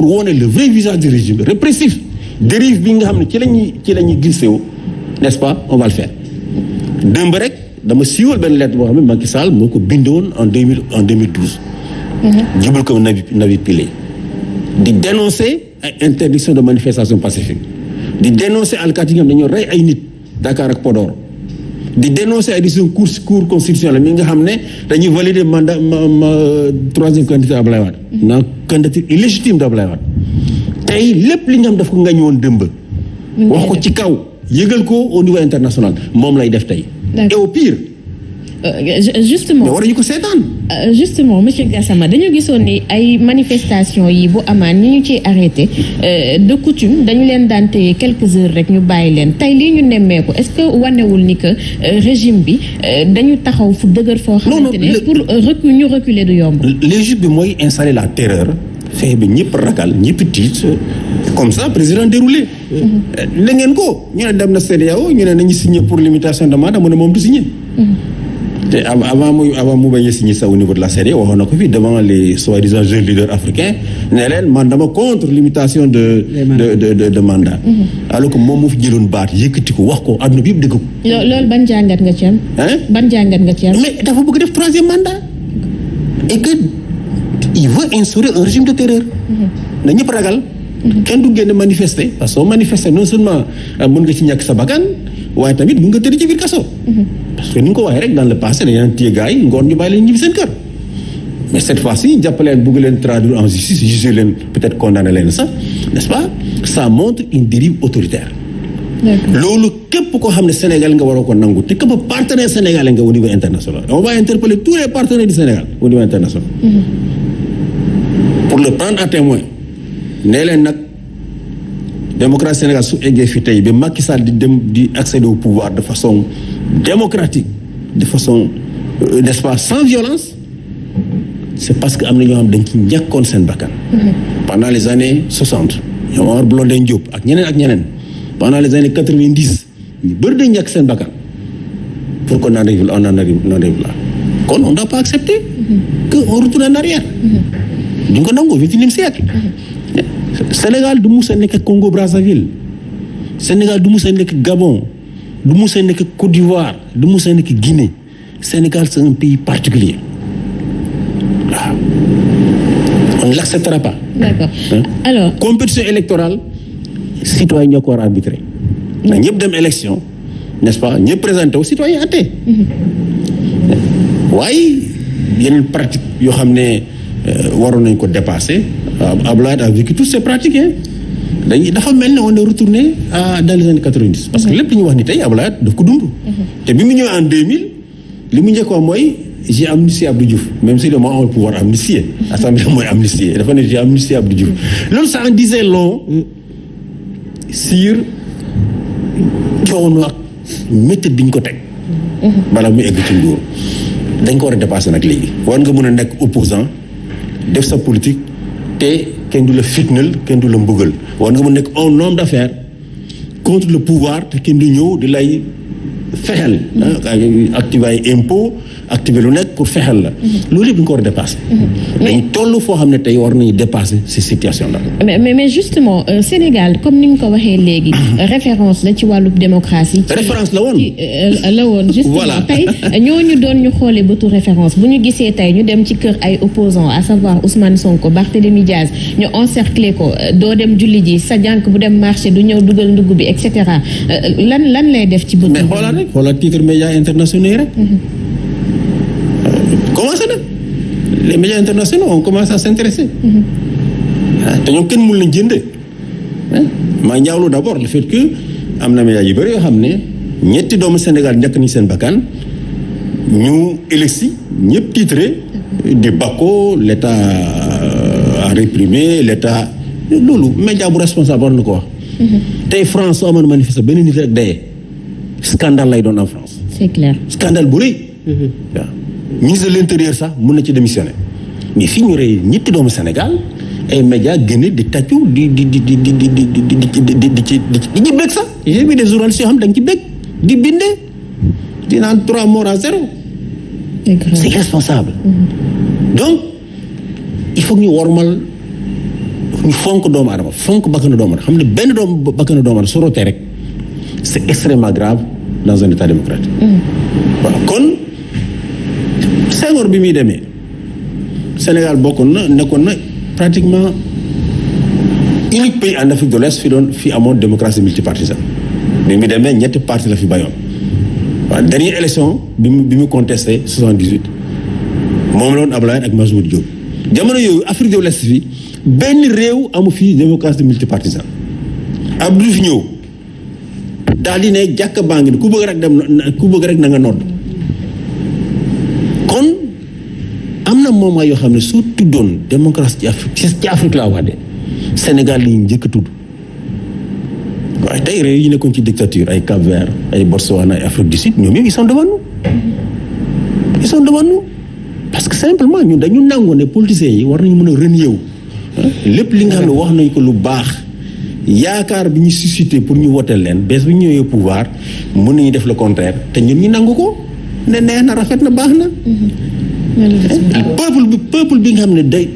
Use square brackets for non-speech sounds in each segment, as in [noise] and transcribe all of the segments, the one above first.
pour wone le vrai visage du régime répressif dérive bi nga xam ne ci la ñuy ci la ñuy glissé wu n'est-ce pas on va le faire rek dama siiwal benn lettre boo xam ne Macky Sall moo ko bindoon en deux mille en deux mille douze. Mm-hmm. jubal ko Navi Navi di dénoncer ay interdiction de manifestation pacifique di dénoncer alkaati yi nga dañoo rey ay nit Dakar ak Podor di dénoncer ay décision cour cour constitutionnelle mi nga xam ne dañuy valider mandat ma ma troisième candidat Abdoulaye candidature illégitime de Abdoulaye tey lépp li nga xam daf ko nga ñëwoon dëmb wax ko ci kaw yëgal ko au niveau international moom lay def tey et au Euh, euh, justement ñu ko seetaan euh, justement monsieur Gassama dañu gisoon ni ay manifestation yi bu amaan ni ñu ciy arrêté de coutume dañu leen daan téye quelques heures rek ñu bàyyi leen tey lii ñu nemmeeku est-ce que wanewul ni que régime bi dañu taxaw fu dëgër foo xamante ne pour recul ñu reculer du yomb l'Égypte bi mooy installer la terreur fexe bi ñëpp ragal ñëpp tiit comme ça président déroulé da mm-hmm. ngeen ko ñu ne dem na CEDEAO ñu ne nañu signé pour limitation demande mu ne moom du signé mm-hmm. te avant muy avant mu bañ a signé ça de la CEDEAO waxoon na ko fi devant les soi-disant jeunes leaders africains ne leen man dama contre limitation de de de de, mandat mhm. alors que moom moo fi jëloon baat yëkkati ko wax ko àdduna bi yëpp dëgg ko loolu nga ci am ban dafa bëgg def troisième mandat et que il veut instaurer un régime de terreur mhm. na ñëpp ragal mhm. kenn du génn manifester parce que soo manifester non seulement euh, mën nga ci ñàkk sa bakkan waaye tamit mën nga tëdd ci biir kaso parce que ni nga waxee rek dans le passé dañu naan téye gars yi ngoon ñu bàyyi leen ñibbi seen kër mais cette fois ci jàpp leen bëgg leen traduire en justice juger leen peut-être leen sax nest pas ça montre une dérive autoritaire. loolu képp koo xam ne Sénégal nga waroo ko nangu te képp partenaire sénégalais nga au niveau international on va interpeller tous les partenaires du Sénégal au niveau international. Mm-hmm. pour le prendre à témoin nee leen nag. démocratie Sénégal su eggee fi tey ba Macky Sall di dem di accéder au pouvoir de façon démocratique de façon euh, n'est-ce pas sans violence c'est parce que am na ñoo xam dañ ci ñàkkoon seen bakkan mhm. pendant les années 60 ñoom Omar Blondin Diop ak ñeneen ak ñeneen pendant les années 90 ñu bëri dañ ñàkk seen bakkan pour qu'on en arrive on en kon on doit pas accepter mhm. que on retourne en arrière mhm. duñ ko nangu 21e siècle Sénégal du mus a nekk Congo Brazzaville Sénégal du mu a nekk Gabon du mus a nekk Côte d'Ivoire du mus a nekk Guinée Sénégal c'est un pays particulier waaw on ne l'acceptera pas. d'accord alors. compétition électorale citoyen ñoo ko war a arbitrer. Mm-hmm. ndax ñëpp dem élection n'est-ce pas ñëpp présenté wu citoyen atte mm-hmm. waaye yenn pratique yoo xam ne euh, waroon nañ ko dépasser. Euh, Abdoulaye a vécu toutes ces pratiques hein dañuy dafa mel ne on est retourné à dans les années 90. parce que mm-hmm. lépp li ñu wax ni tey Abdoulaye daf ko dund. Mm-hmm. te bi mu ñëwee en 2000 li mu njëkk wax mooy j'ai amnistié Abdou Diouf même si le moment on pouvoir amnistier. Mm-hmm. assemblée mooy amnistier dafa ne j'ai amnistié Abdou Diouf. loolu ça en disait long sur coono ak bi ñu ko teg. balaa muy egg ci nguur dañ ko war a dépasser nag léegi. war nga mun a nekk opposant def sa politique. te kenn du la fitnal kenn du la mbugal war nga mu nekk un homme d'affaires contre le pouvoir te kenn du ñëw di lay fexel ak activer ay impôt activé lu nekk pour fexeel la. Mhm. loolu yëpp ñu ko war a mhm. dañ toll foo xam ne tey war nañu dépassé ces situation la mais mais justement euh, Sénégal comme ni nga ko waxee léegi. Mhm. référence la ci wàllu démocratie. référence la woon euh, la woon. voilà [laughs] tey ñoo ñu doon ñu xoolee bëtu référence bu ñu gisee tey ñu dem ci kër ay opposants à savoir Ousmane Sonko Barthélémy Diaz ñu encercler ko euh, doo dem julli ji sa jànq bu dem marché du ñëw dugal ndugg bi et cetera euh, lan lan lay def ci bëtu. mais xoolal rek xoolal titre média internationaux rek. commencé na les médias internationaux ont commencé à s'intéresser mm-hmm. ah te ñoo kenn mënu lañ jënd ah maa ñaawlu d' abord le que am na médias yu bëri yoo xam ne ñetti doomu Sénégal ñàkk nañu seen bakkan ñu éleksi ñëpp titré mm-hmm. di bako l' état euh, a loolu média bu responsable war na ko wax. Mm-hmm. tey France soo amoon manifester benn nit rek dayee scandale lay doon en France. scandale bu rëy ministre de l'intérieur sax mun na ci démissionner mais fii ñu rey ñetti doomu Sénégal ay médias génne di tàccu di di di di di di di di di ci di ci bëgg sax j'ai vu des journalistes yoo xam da nga ci bëgg di bindee di naan trois morts à zéro. c'est responsable. donc il faut que ñu wormal ñu fonk doomu aadama fonk bakkanu doomu xam ne benn doomu aadama su rootee rek c'est extrêmement grave dans un état démocratique. voilà kon. Senghor bi muy demee Sénégal bokkoon na nekkoon na pratiquement unique pays en Afrique de l'Ouest fi doon fi amoon démocratie multipartisane bi mu demee ñetti parti la fi bayoon waaw dernière élection bi mu bi mu contesté 78 moom la woon Ablaye ak Majmout Diop jamono yooyu Afrique de l'Ouest fi benn réew amu fi démocratie multipartisane Abdou fi ñëw daal di ne jàkk baa ngi ku bëgg rek dem ku bëgg rek na nga nodd kon am na moment yoo xam ne soo tuddoon démocratie ci Afrique ci Afrique laa wax de Sénégal yi njëkk a tudd waaye tey réew yi nekkoon ci dictature ay Cap Vert ay Botswana ay Afrique du Sud ñoom ñoom ils sont devant nous ils sont parce que simplement ñun dañu nangoon ne politiciens yi war nañu mën a renier wu lépp li nga xam ne wax nañ ko lu baax yaakaar bi ñu suscité pour ñu woteel leen bees bu ñu ñëwee pouvoir mën nañu def le contraire te ñun ñu nangu ko ne neex na rafet na baax na mm-hmm. peuple bi peuple bi nga xam ne day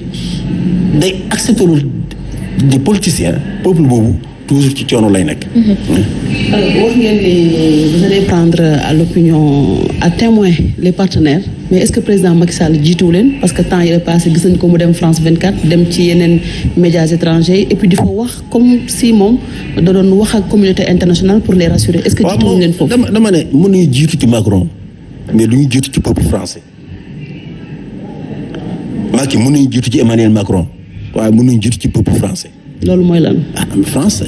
day accepté wul di politicien peuple boobu toujours ci coono lay nekk. Mm-hmm. wax ngeen ni vous allez prendre à l'opinion à témoin les partenaires mais est-ce que président Macky Sall jiituwu leen parce que temps yii passé gis nañ ko mu dem France 24 dem ci yeneen médias étrangers et puis di fa wax comme si moom da doon wax ak communauté internationale pour les rassurer est-ce que jiituwu leen foofu. dama ne mën nañu jiitu ci Macron mais du Macky mën nañu jiitu ci Emmanuel Macron waaye mën nañu jiitu ci peuple français. loolu mooy lan. ah en France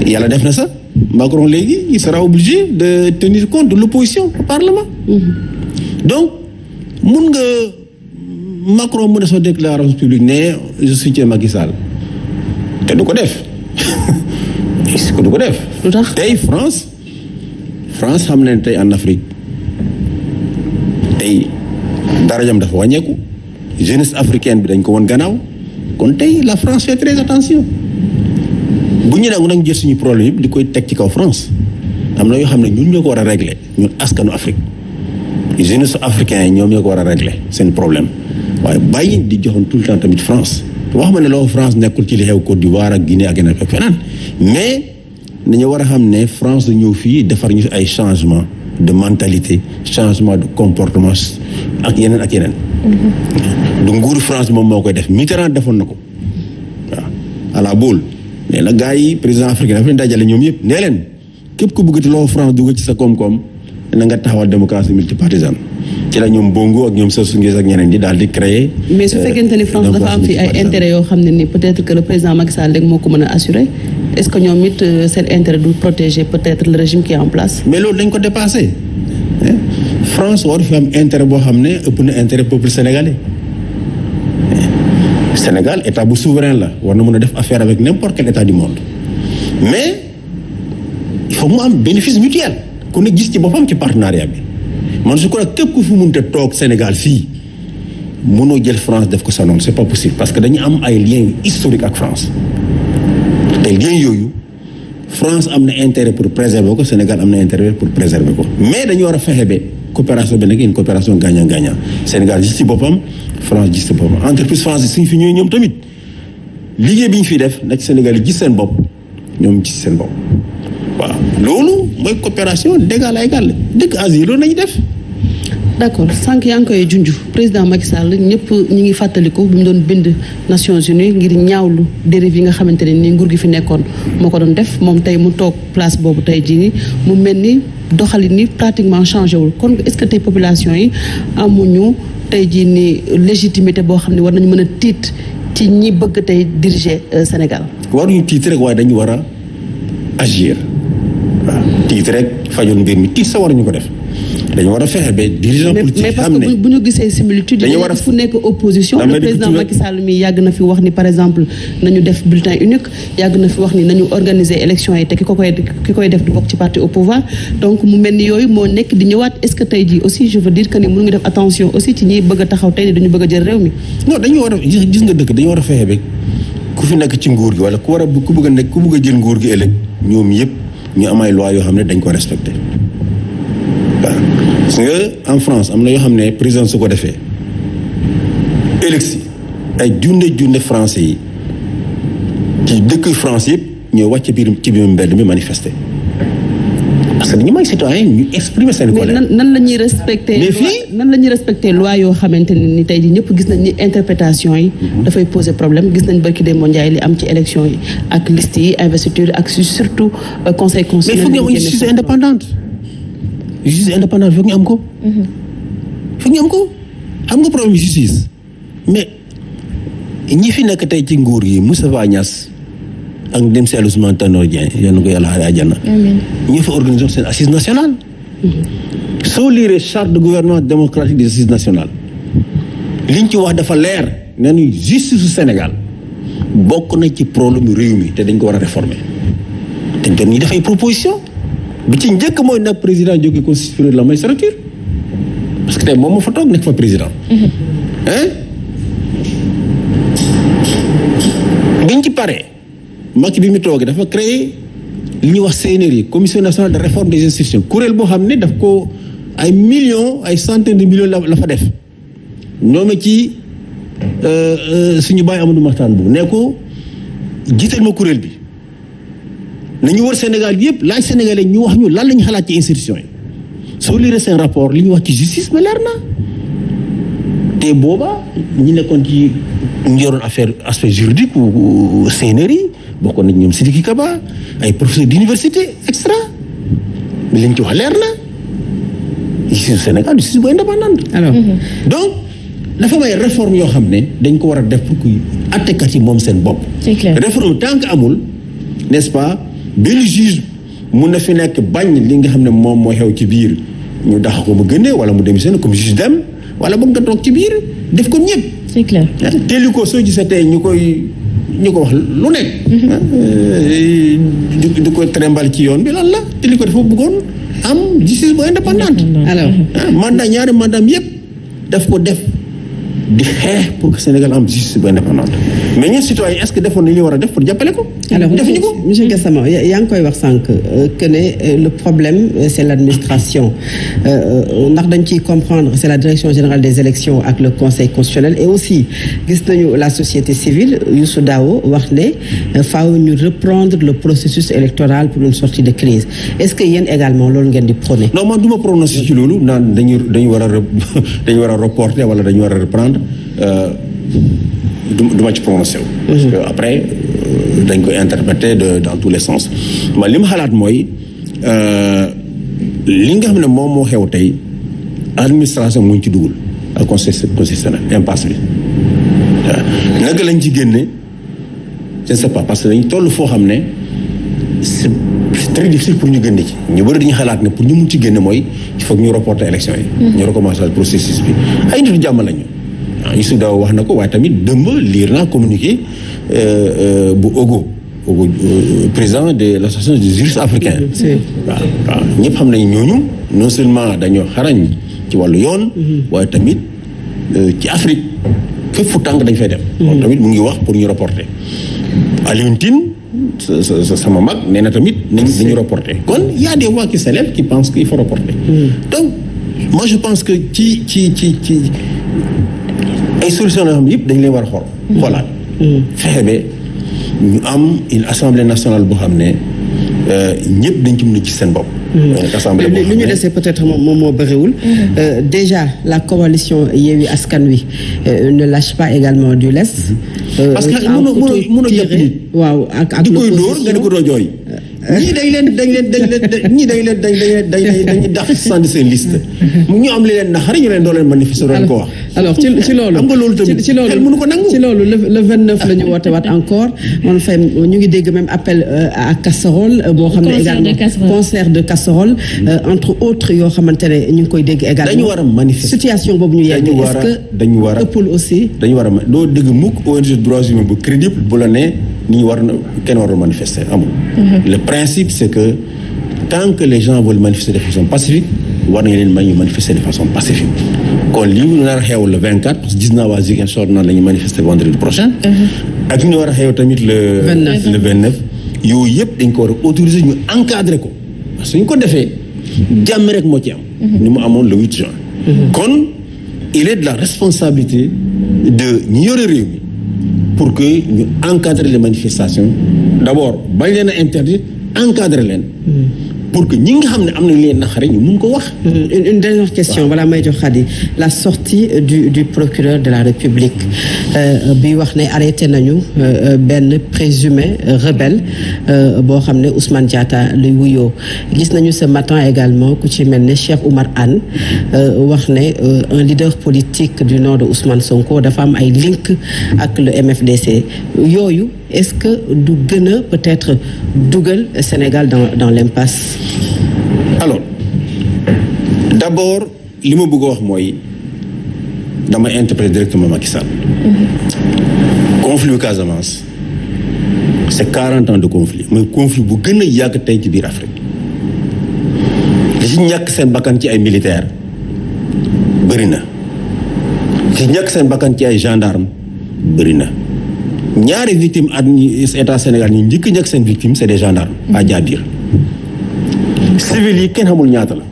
il y def na sax Macron léegi il sera obligé de tenir compte de l'opposition au Parlement. Mm-hmm. donc mun nga Macron mën a soo déclaration publique ne je soutiens Macky Sall te du ko def. [laughs] est du ko def. lu tax tey France. France xam ne tey en Afrique tey darajam dafa wàññeeku jeunesse africaine bi dañ ko woon gannaaw kon tey la France fait très attention bu ñu nangu nag jël suñu problème yëpp di koy teg ci kaw France am na yoo xam ne ñun ñoo ko war a régler ñun askanu Afrique jeunesse africain yi ñoom ñoo ko war a régler seen problème waaye bàyyi di joxoon tout le temps tamit France wax ma ne loo France nekkul ci li xew Côte d'Ivoire ak Guinée ak yeneen feneen mais. dañoo war a xam ne France ñëw fii defar ñu ay changement de mentalité changement de comportement ak yeneen ak yeneen. Mhm. du nguuru France moom moo koy def Mitterrand defoon na ko waaw à la boule nee na gars yi président yëpp nee leen képp ku bëggati loo France dugg ci sa koom-koom na nga taxawal démocratie multipartisane ci la ñoom Bongo ak ñoom Sassou Nguesso ak ñeneen di daal di créer. mais su euh, fekkente France dafa am fi ay intérêt yoo xam ne ni peut-être que président Macky Sall rek moo ko mën a assurer. est-ce que ñoom it euh, seen intérêt du protéger peut-être le régime qui est en place. mais loolu dañ ko dépassé France war fi am intérêt boo xam ne ëpp na intérêt peuple sénégalais Sénégal état bu souverain la war na mun a def affaire avec n'importe quel état du monde mais il faut mu am bénéfice mutuel ku ne gis ci boppam ci partenariat bi man je crois képp ko fi mënta toog Sénégal fii. mënoo jël France def ko sa noonu c'est pas possible parce que dañu am ay liens historiques ak France te lien yooyu France am na intérêt pour préserver ko Sénégal am na intérêt pour préserver ko mais dañu war a fexe ba coopération bi nekk une coopération gagnant gagnant Sénégal gis ci boppam France gis ci boppam entreprise française suñu fi ñooy ñoom tamit liggéey bi ñu fi def nag Sénégal yi gis seen bopp ñoom gis seen bopp waaw loolu mooy coopération d'égal à égal dëkk Asie loolu nañu def. d' accord sànq yaa ngi koy junj président Macky Sall ñëpp ñi ngi fàttaliku bu mu doon bind Nations Unies ngir ñaawlu dérive yi nga xamante ne nii nguur gi fi nekkoon moo ko doon def moom tey mu toog place boobu tey jii nii mu mel ni doxalin ni pratiquement changé wul kon est ce que tey population yi amuñu tey jii nii légitimité boo xam ne war nañu mën a tiit ci ñi bëgg tey diriger euh, Sénégal. waruñu tiit rek waaye dañu war a agir waaw tiit rek fajul mbir mi tiit sa waruñu ko def. dañu war a fexe ba dirigeant politique mais parce gisee similitude dañu war fu nekk opposition le président Macky Sall mi yàgg na fi wax ni par exemple nañu def bulletin unique yàgg na fi wax ni nañu organiser élection yi te ki ko koy ki koy def du bokk ci parti au pouvoir donc mu mel ni yooyu moo nekk di ñëwaat est-ce que tey jii aussi je veux dire que ni mënu ngi def attention aussi ci ñiy bëgg a taxaw tey ni dañu bëgg a jël réew mi non dañu war a gis nga dëkk dañu war a fexe ba ku fi nekk ci nguur gi wala ku war bëgg a nekk bëgg a jël nguur gi ëllëg ñoom yëpp ñu am ay yoo xam ne dañ ko respecté gis en France am na yoo xam ne président su ko defee élection ay junne junne français yi ci dëkk France yëpp ñoo wàcc biir ci biir mbedd mi manifester parce que ñu may citoyen ñu exprimer seen colère. mais nan la ñuy respecté. nan la ñuy respecté loi yoo xamante ne ni tey jii ñëpp gis nañ ni interprétation yi. Mhm. dafay poser problème gis nañ barki de Ndiaye li am ci élection yi ak list yi investiture ak surtout euh, conseil constitutionnel. mais il faut que ñu indépendante. justice indépendante foog ñu am ko. Mhm. foog ñu xam nga problème justice mais ñi fi nekk tey ci nguur yi Moustapha Niass ak dem si Ousmane Tanor Dieng yal na ko yàlla xaaree àjjana. amiin ñoo fa organisé seen mhm. soo liiree charte de gouvernance démocratique des assises nationales liñ ci wax dafa leer ne nañu justice su Sénégal bokk nañ ci problème réew mi te dañ ko war a réformer te doon ñu def ay proposition bi ci njëkk mooy nag président jóge ko constitué la magistrature parce que tey moom ma fa toog nekk fa président. Mm-hmm. biñ ci paree Macky bi mu toogee dafa créer li ñuy wax yi commission nationale de réforme des institutions kuréel boo xam ne daf ko ay millions ay centaines de millions la fa def ñoome ci euh, euh, suñu bàyyi Amadou Mahtar bu ne ko jiital ma kuréel bi. nañu war Sénégal yëpp laaj sénégalais ñu wax ñu lan lañu xalaat ci institution yi soo lire seen rapport li ñu wax ci justice ba leer na te booba ñu nekkoon ci ñu affaire aspect juridique ou CNRI bokkoon nañ ñoom Sidiki Kaba ay professeur d'université extra mais li ñu ci wax leer na ici au Sénégal justice bu indépendante mm-hmm. donc dafa may réforme yoo xam ne dañ ko war a def pour que attekat yi moom seen bopp réforme tant que amul n'est-ce benn juge mun na fi nekk bañ li nga xam ne moom moo xew ci biir ñu dax ko mu gënee wala mu dem démissionné comme juge dem wala bëgg nga toog ci biir def ko ñëpp. c'est clair teelu ko soo gisee tey ñu koy ñu ko wax lu nekk. Mm-hmm. Eh, di koy trembal ci yoon bi lan la teelu ko dafa bëggoon am justice bu indépendante. alors ah, mandat ñaari mandat yëpp daf ko def di xeex pour que Sénégal am justice bu indépendante. mais ñun citoyen est-ce que defoon nañu li war a def pour jàppale ko. defuñu ko monsieur hmm? Gassama yaa ngi koy wax sànq euh, que ne euh, le problème euh, c'est l'administration ndax dañ ciy comprendre c'est la direction générale des élections ak le conseil constitutionnel et aussi gis nañu la société civile su Dao wax ne faaw ñu reprendre le processus électoral pour une sortie de crise est-ce que yéen également loolu ngeen di prôner. non man du ma prononcer ci loolu naan dañu dañu war [laughs] war a reporter wala dañu war a reprendre. du du ma ci prononcé wu. après euh, dañ ko interpréter de dans tous les sens. ma li ma xalaat mooy euh, li nga xam ne moom moo xew tey administration mu ngi ci dugul ak conseil constitutionnel impasse bi waaw naka lañ ci génne je ne sais pas parce que dañ toll foo xam ne c'est très difficile pour ñu génne ci ñu bëri dañu xalaat ne pour ñu mun ci génne mooy il faut que ñu reporter élection yi. Mm-hmm. ñu recommencer processus bi ay nit jàmm lañu. Ah, su Daw wax na ko waaye tamit dëmb liir naa communiqué euh, euh, bu Ogo Ogo euh, président de la des juristes africains waaw waaw ñëpp xam nañu ñooñu non seulement dañoo xarañ ci wàllu yoon mhm. waaye tamit ci Afrique fépp fu tàng dañ fay def mhm. moom tamit mu ngi wax pour ñu reporter Alioune Tine sama mag nee na tamit nañ dañu reporter kon y a des voix qui s'élèvent qui pensent qu'il faut reporter mhm. moi je pense que ci ci ci ci ay solution yoo xam ne yëpp dañ leen war a xool mm-hmm. xoolaat mm-hmm. fexe be ñu am une assemblée nationale boo xam ne euh, ñëpp dañ ci mën a gis seen bopp mm-hmm. assemblée li ñu desee peut-être moom moo bëriwul euh, déjà la coalition Yewwi Askan Wi euh, ne lâche pas également du lest parce que mënoo mënoo mënoo waaw ak ak di koy dóor nga ko doo jooy ñii dañ leen dañ leen dañ leen ñii leen dañ leen dañ leen dañuy dàq sànni seen liste. ñu am li leen naxari ñu leen doo leen manifester doon ko wax. alors ci ci loolu xam nga loolu tamit xel mënu ko nangu. ci loolu le vingt neuf la ñu woote encore man fay ñu ngi dégg même appel à casserole. boo xam ne concert de casserole. entre autres yoo xamante ne ñu ngi koy dégg également. dañu war a manifester situation boobu ñu yegg. est-ce que ëppul aussi. dañu war a dañu war a doo dégg mukk ONG droits nii war na kenn warul manifester amul. Mhm. le principe c' que tant que les gens veulent manifester de façon pacifique war nañu leen may ñu manifester de façon pacifique. kon lii ñu nar a xew le parce que gis naa waa Ziguinchor naan la ñuy manifester vendredi prochain. Mhm. ak ñu war a xew tamit le. 29 yooyu yëpp dañ ko war a autoriser ñu encadrer ko parce que suñ ko defee jàmm rek moo ci am. Mhm. ni mu amoon le 8 juin. kon il est de la responsabilité de ñi yore réew mi. pour que ñu encadrer les manifestations d'abord bañ leen a interdire encadrer leen hmm. pour que ñi nga xam ne am nañ leen naqari ñu mun ko wax. une dernière question balaa may jox Khady la sortie euh, du du procureur de la République euh, bi wax ne arrêté nañu euh, benn présumé rebelle boo xam ne Ousmane Diatta luy wuyoo gis nañu ce matin également ku ci mel ne Cheikh Oumar Anne wax ne un leader politique du nom de Ousmane Sonko dafa am ay link ak le MFDC yooyu. est-ce que du gën a peut-être dugal Sénégal dans dans l'impasse alors d'abord li ma bugg a wax mooy dama interpréter directement Macky Sall mm-hmm. conflit bu Casamance c'est quarante ans de conflit mooy conflit bu gën yàgg tey ci biir Afrique li ci ñàkk seen bakkan ci ay militaires bëri na li ci ñàkk seen bakkan ci ay gendarmes bëri na ñaari victime at état Sénégal ñu njëkk njëkk seen victime c'est des gendarmes à Diabir civil yi kenn xamul ñaata la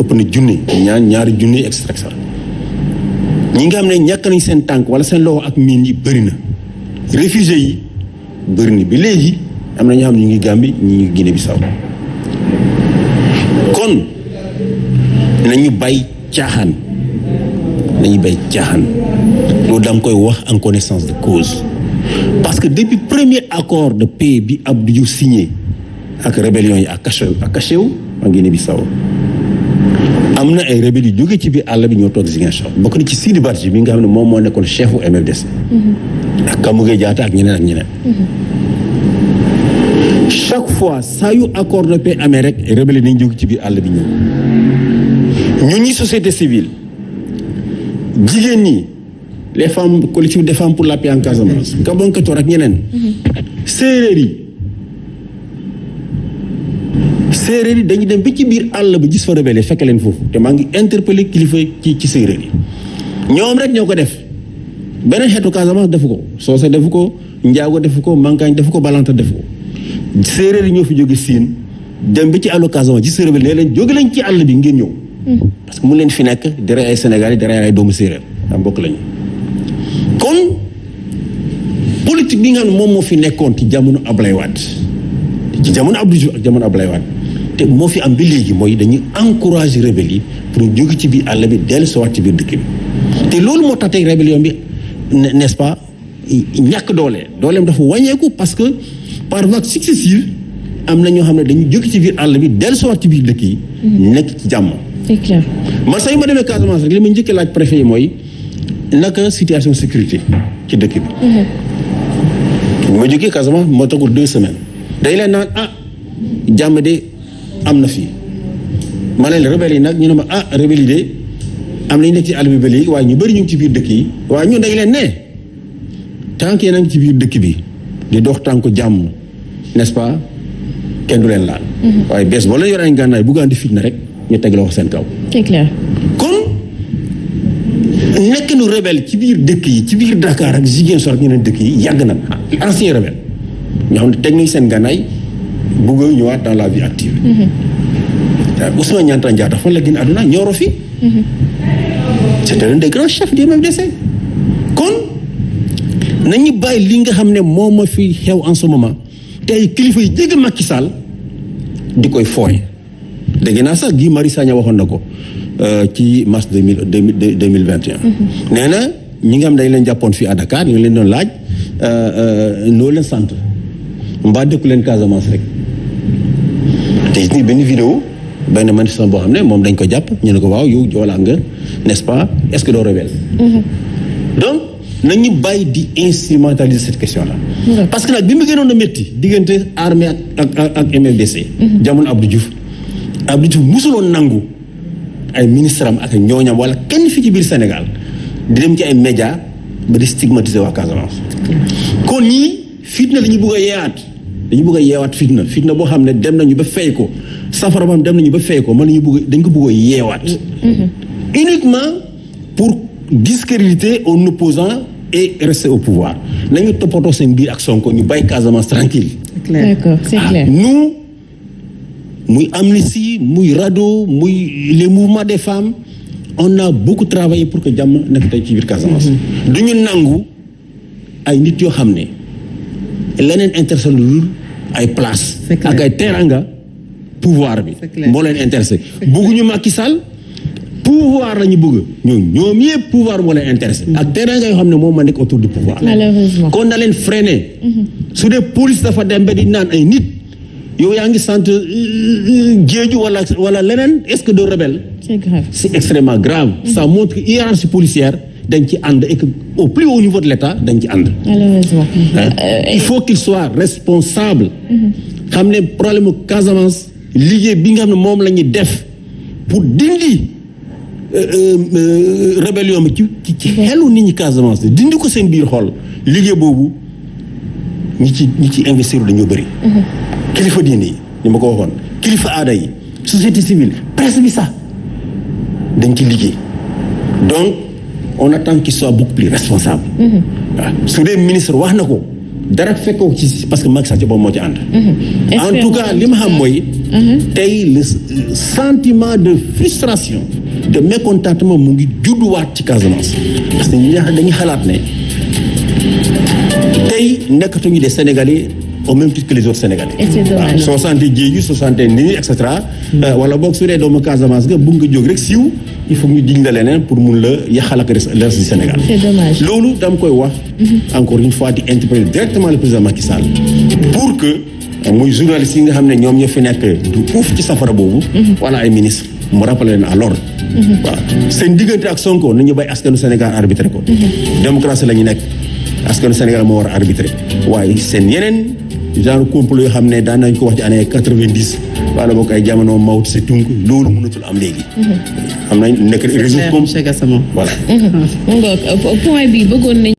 ëpp na junni ñaar ñaari junni extra ñi ngi xam ne ñàkk nañ seen tànk wala seen loxo ak miin yi bëri na réfugiés yi bëri na bi léegi am na ñoo xam ñu ngi Gambie ñu ngi Guinée Bissau kon nañu bay caaxaan nañu bay caaxaan loolu dama koy wax en connaissance de cause parce que depuis premier accord de paix bi Abdou Diouf signé ak rébellion yi ak Kachew ak Kachew en guinée am na ay rébelles yu jóge ci biir àll bi ñoo toog Ziguinchor bokk na ci Sidi Badji mi nga xam ne moom moo nekkoon chefu MFDC mhm. ak Kamougué Diatta ak ñeneen ak ñeneen mhm. chaque fois saa yu accord de paix amee rek rébelles ni jóge ci biir àll bi ñëw ñun ñi société civile jigéen ñi les femmes collectif des femmes pour la paix en Casamance. Mm-hmm. Gabon Katoor ak ñeneen. Mm-hmm. séeréer yi séeréer yi dañu dem ba ci biir àll ba gis fa rebelle fekk leen foofu te maa ngi interpellé kilifa ci ci séeréer yi ñoom rek ñoo ko def beneen xeetu Casamance defu ko soose defu ko njaago defu ko mankaañ defu ko balanta defu ko séeréer yi ñoo fi jóge siin dem bi ci àllu Casamance gis fa rebelle nee leen jóge leen ci àll bi ngeen ñëw. Mm-hmm. parce que mu leen fi nekk dara ay Sénégal yi doomu séeréer am lañu. kon politique bi nga xam moom moo fi nekkoon ci jamono Ablaye Wade ci jamono Abdou Diouf ak jamono Ablaye te moo fi am bi léegi mooy dañuy encourager rebelle yi pour jóge ci biir àll bi dell si waat ci biir dëkk te loolu moo tax tey rébellion bi n'est-ce pas ñàkk doole dooleem dafa wàññeeku parce que par vagues successives am na ñoo xam ne dañu jóge ci biir àll bi dellu si waat ci biir dëkk yi. Mm. nekk ci jàmm. c'est clair man saa yu ma demee Casamance rek li ma njëkk laaj préfet yi mooy. naka situation sécurité ci dëkk bi. Mhm. bu ma jógee Casamance moo tagul deux semaines. dañ leen naan ah jàmm de am na fii ma ne la rebelle yi nag ñu ne ma ah rebelle yi de am nañu nekk ci àll bi waaye ñu bëri ñu ci biir dëkk yi. waaye ñun dañ leen ne tant que nag ci biir dëkk bi di dox tànk jàmm nest kenn du leen laal. Mhm. waaye bees boo leen yoree gànnaay bu gaan di fitna rek ñu teg la wax seen kaw. nekkinu rebelle ci biir dëkk yi ci biir Dakar ak Ziguinchor ak ñeneen dëkk yi yàgg na ancien rebelle ñoo xam ne teg nañ seen gànnaay bëgg a ñëwaat dans la vie active. Mhm. Ousmane Niantang Diatta fan la gën àdduna Nioro fi. Mhm. c'était l'un des grands chefs du MFDC. kon nañu bàyyi li nga xam ne moo ma fi xew en ce moment tey kilifa yi jege Macky di koy fooy dégg naa sax Guy Marius Sagna waxoon na ko. Euh, ci mars deux mille deux mille vingt et mhm. nee na ñi nga am dañ leen jàppoon fii à Dakar ñu leen doon laaj euh, euh, noo leen sant mbaa dëkku leen Casamance rek te it nii benn vidéo benn manifestant boo xam ne moom dañ ko jàpp ñu ne ko waaw yow joolaa nga n'est-ce pas est-ce que doo rebelle mhm. donc nañu bàyyi di instrumentaliser cette question là parce que nag bi mu gënoon a métti diggante armée ak ak ak MFDC mhm. jamono Abdou nangu ay ministre am ak ñooñam wala kenn fi ci biir Sénégal di dem ci ay média ba di stigmatiser waa Casamance. kon ñii fitna dañu bëgg a yeewaat dañu bëgg a yeewaat fitna fitna boo xam ne dem nañu ba fay ko safara boo xam dem nañu ba fay ko man nañu bëgg dañ ko bëgg a yeewaat. Mm-hmm. uniquement pour discréditer un opposant et rester au pouvoir nañu toppatoo seen biir ak Sonko ñu bay Casamance tranquille. c'est muy Amnesty muy RADDHO muy les mouvements des femmes na a beaucoup yi pour que jàmm nekk tey ci biir Casamance. Mhm. du ñu nangu ay nit yoo xam ne leneen intéressé lu ay place ak ay teranga pouvoir bi moo leen intéressé bëgguñu Macky Sall pouvoir la ñu bëgg ñoo ñoom yëpp pouvoir moo leen intéressé mhm. ak teranga yoo xam ne moom ma nekk autour du pouvoir kon na leen freiné mhm. su dee police dafa dem ba di naan ay nit yow yaa ngi sant euh, euh, géeju wala wala leneen est-ce que de rebelle c'est grave c'est extrêmement grave mm montre que hiérarchie policière dañ ci ànd et que au plus haut niveau de l'État dañ ci ànd malheureusement il faut qu'il soit responsable mm-hmm. xam ne problème Casamance liggéey bi nga xam ne moom la ñuy def pour dindi euh, rébellion bi ci ci mm-hmm. xelu nit ñi Casamance dindi ko seen biir xool liggéey boobu ñi ci ñi ci investir dañoo bëri kilifa diine yi ni ma ko waxoon kilifa aada yi société civile presse bi sax dañ ci liggéey donc on attend qu'il soit beaucoup plus responsable. Mm-hmm. su dee ministre wax na ko dara fekkoo ci parce que Macky Sall ci boobu moo ci ànd. Mm-hmm. en tout cas li ma xam mooy. Mm-hmm. tey le sentiment de frustration de mécontentement mu ngi judduwaat ci Casamance. parce que ñi dañuy xalaat ne tey nekkatuñu des Sénégalais. au même titre que les et c'est dommage waaw soo sante jéeju soo sante nii et euh, rek siiw il faut ñu diñ la leneen pour mun la yàqal ak les du Sénégal. c'est dommage loolu dama koy wax. Mhm. encore une fois di interpeller directement le président Macky Sall pour que euh, muy journaliste yi nga xam ne ñoom ñoo fi nekk du uuf ci safara boobu. Mhm. wala ay ministre mu rappelé leen à l'ordre mhm. waaw seen diggante ak Sonko nañu bàyyi askanu Sénégal arbitré ko. démocratie la ñu nekk askanu Sénégal moo war a arbitré waaye seen yeneen. genre complot yoo xam ne daan nañ ko wax ci année quatre vingt ay jamono Mao Tse-tung loolu mënatul am léegi. Mhm. xam nañ nekk réseau comme voilà. [laughs] Euh, point bi bëggoon nañ